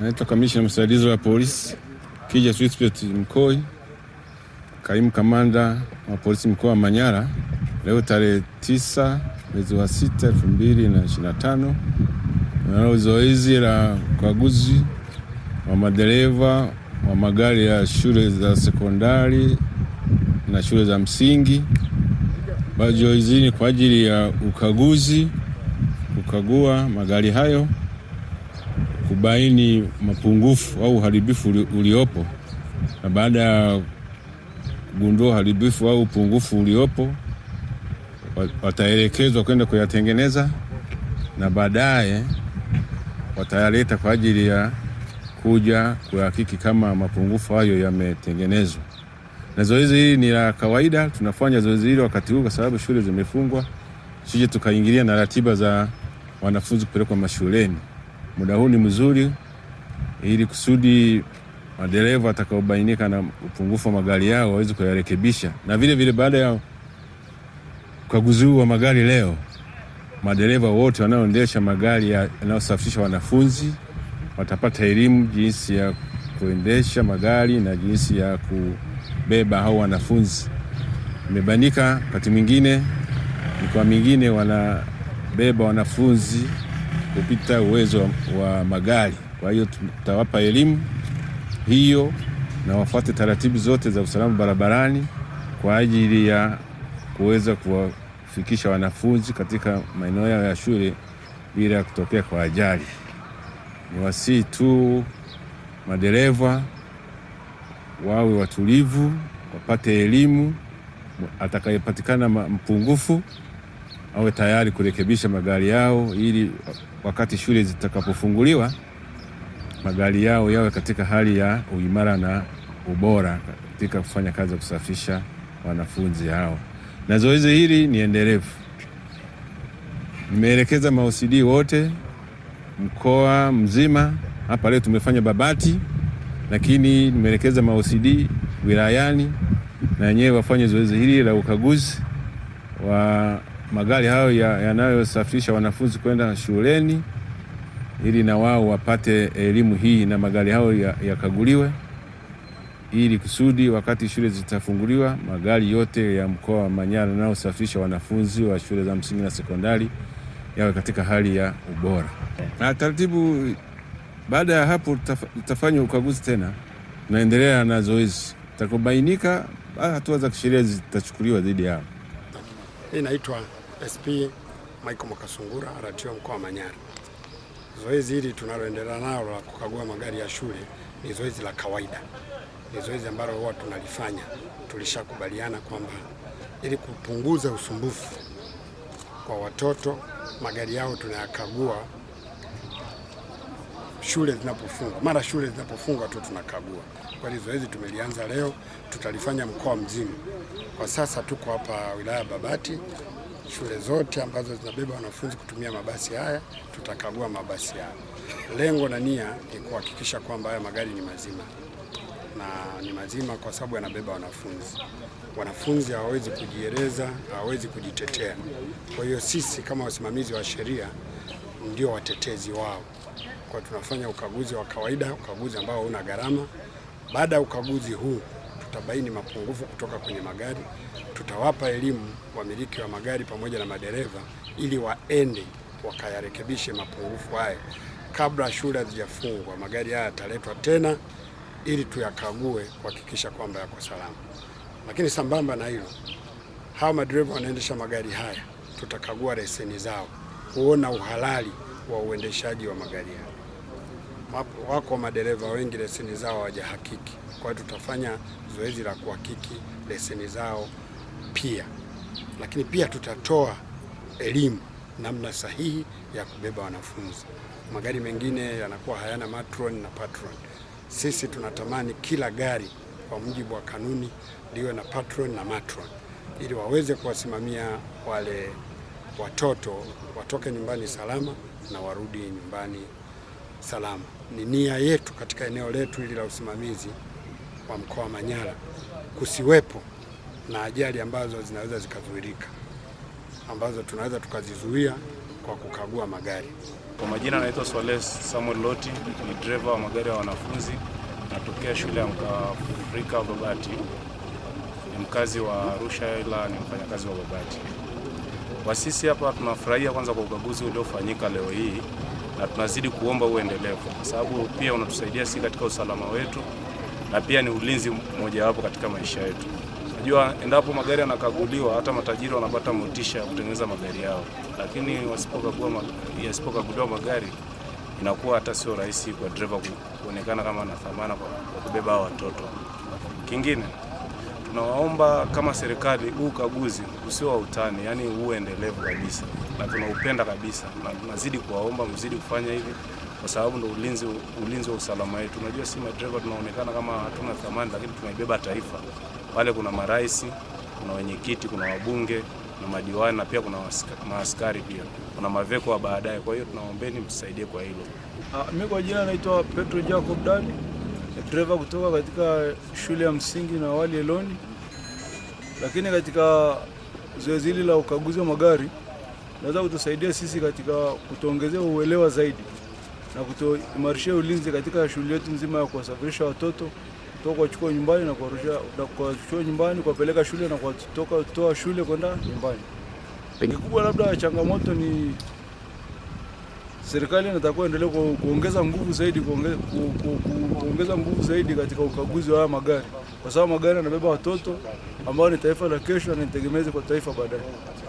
Naitwa kamishna msaidizi wa polisi Kija Switpet Mkoi, kaimu kamanda wa polisi mkoa wa Manyara. Leo tarehe tisa mwezi wa sita elfu mbili na ishirini na tano nalo zoezi la ukaguzi wa madereva wa magari ya shule za sekondari na shule za msingi. Zoezi ni kwa ajili ya ukaguzi, kukagua magari hayo kubaini mapungufu au uharibifu uliopo, na baada ya kugundua uharibifu au upungufu uliopo wataelekezwa kwenda kuyatengeneza na baadaye watayaleta kwa ajili ya kuja kuhakiki kama mapungufu hayo yametengenezwa. Na zoezi hili ni la kawaida, tunafanya zoezi hili wakati huu kwa sababu shule zimefungwa, sije tukaingilia na ratiba za wanafunzi kupelekwa mashuleni muda huu ni mzuri, ili kusudi madereva watakaobainika na upungufu wa magari yao waweze kuyarekebisha, na vile vile baada ya ukaguzi huu wa magari leo, madereva wote wanaoendesha magari yanayosafirisha wanafunzi watapata elimu jinsi ya kuendesha magari na jinsi ya kubeba hao wanafunzi. Imebainika wakati mwingine mikoa mingine wanabeba wanafunzi kupita uwezo wa magari. Kwa hiyo tutawapa elimu hiyo na wafuate taratibu zote za usalama barabarani kwa ajili ya kuweza kuwafikisha wanafunzi katika maeneo yao ya shule bila ya kutokea kwa ajali. Ni wasii tu madereva wawe watulivu, wapate elimu. Atakayepatikana mpungufu awe tayari kurekebisha magari yao ili wakati shule zitakapofunguliwa magari yao yawe katika hali ya uimara na ubora katika kufanya kazi ya kusafisha wanafunzi hao, na zoezi hili ni endelevu. Nimeelekeza maosidi wote mkoa mzima, hapa leo tumefanya Babati, lakini nimeelekeza maosidi wilayani na wenyewe wafanye zoezi hili la ukaguzi wa magari hayo yanayosafirisha ya wanafunzi kwenda shuleni ili na wao wapate elimu hii na magari hayo yakaguliwe ya ili kusudi wakati shule zitafunguliwa magari yote ya mkoa wa Manyara yanayosafirisha wanafunzi wa shule za msingi na sekondari yawe katika hali ya ubora na taratibu. Baada ya hapo, tutafanya ukaguzi tena, tunaendelea na zoezi, takubainika hatua za kisheria zitachukuliwa dhidi yao. Inaitwa SP Michael Mwakasungura, RTO mkoa wa Manyara. Zoezi hili tunaloendelea nalo la kukagua magari ya shule ni zoezi la kawaida, ni zoezi ambalo huwa tunalifanya. Tulishakubaliana kwamba ili kupunguza usumbufu kwa watoto, magari yao tunayakagua shule zinapofungwa, mara shule zinapofungwa tu tunakagua. Kwa hiyo zoezi tumelianza leo, tutalifanya mkoa mzima. Kwa sasa tuko hapa wilaya Babati shule zote ambazo zinabeba wanafunzi kutumia mabasi haya, tutakagua mabasi haya. Lengo na nia ni kuhakikisha kwamba haya magari ni mazima na ni mazima kwa sababu yanabeba wanafunzi. Wanafunzi hawawezi kujieleza, hawawezi kujitetea. Kwa hiyo sisi kama wasimamizi wa sheria ndio watetezi wao, kwa tunafanya ukaguzi wa kawaida, ukaguzi ambao una gharama. Baada ya ukaguzi huu tutabaini mapungufu kutoka kwenye magari, tutawapa elimu wamiliki wa magari pamoja na madereva ili waende wakayarekebishe mapungufu haya kabla shule hazijafungwa. Magari haya yataletwa tena ili tuyakague kuhakikisha kwamba yako salama. Lakini sambamba na hilo, hawa madereva wanaendesha magari haya, tutakagua leseni zao kuona uhalali wa uendeshaji wa magari haya wako madereva wengi leseni zao hawajahakiki. Kwa hiyo tutafanya zoezi la kuhakiki leseni zao pia, lakini pia tutatoa elimu namna sahihi ya kubeba wanafunzi. Magari mengine yanakuwa hayana matron na patron. Sisi tunatamani kila gari kwa mujibu wa kanuni liwe na patron na matron, ili waweze kuwasimamia wale watoto watoke nyumbani salama na warudi nyumbani salama. Ni nia yetu katika eneo letu hili la usimamizi wa mkoa wa Manyara kusiwepo na ajali ambazo zinaweza zikazuilika, ambazo tunaweza tukazizuia kwa kukagua magari. Kwa majina anaitwa Swale Samuel Loti, ni dereva wa magari ya wanafunzi, natokea shule ya Mkafrika Babati, ni mkazi wa Arusha ila ni mfanyakazi wa Babati. Kwa sisi hapa tunafurahia kwanza kwa ukaguzi uliofanyika leo hii na tunazidi kuomba uendelevu, kwa sababu pia unatusaidia si katika usalama wetu, na pia ni ulinzi mmojawapo katika maisha yetu. Najua endapo magari yanakaguliwa, hata matajiri wanapata motisha ya kutengeneza magari yao, lakini yasipokaguliwa magari inakuwa hata sio rahisi kwa dereva kuonekana kama ana thamana kwa kubeba watoto. Kingine tunawaomba kama serikali, huu ukaguzi usio wa utani, yani uwe endelevu kabisa, na tunaupenda kabisa, na tunazidi kuwaomba mzidi kufanya hivi kwa sababu ndo ulinzi ulinzi wa usalama wetu. Unajua, si madereva tunaonekana kama hatuna thamani, lakini tumebeba taifa. Pale kuna marais, kuna wenyekiti, kuna wabunge na madiwani, na pia kuna maaskari, pia kuna maveko wa baadaye. Kwa hiyo tunaombeni msaidie kwa hilo. Ah, mimi kwa jina naitwa Petro Jacob Dani dreva kutoka katika shule ya msingi na awali Eloni, lakini katika zoezi hili la ukaguzi wa magari naweza kutusaidia sisi katika kutuongezea uelewa zaidi na kutuimarishia ulinzi katika shughuli yetu nzima ya kuwasafirisha watoto kutoka kuwachukua nyumbani na kuwachukua nyumbani kuwapeleka shule na kutoa shule kwenda nyumbani. Kikubwa labda changamoto ni serikali inatakiwa endelee kuongeza nguvu zaidi, kuongeza nguvu zaidi katika ukaguzi wa haya magari, kwa sababu magari yanabeba watoto ambao ni taifa la kesho na nitegemezi kwa taifa baadaye.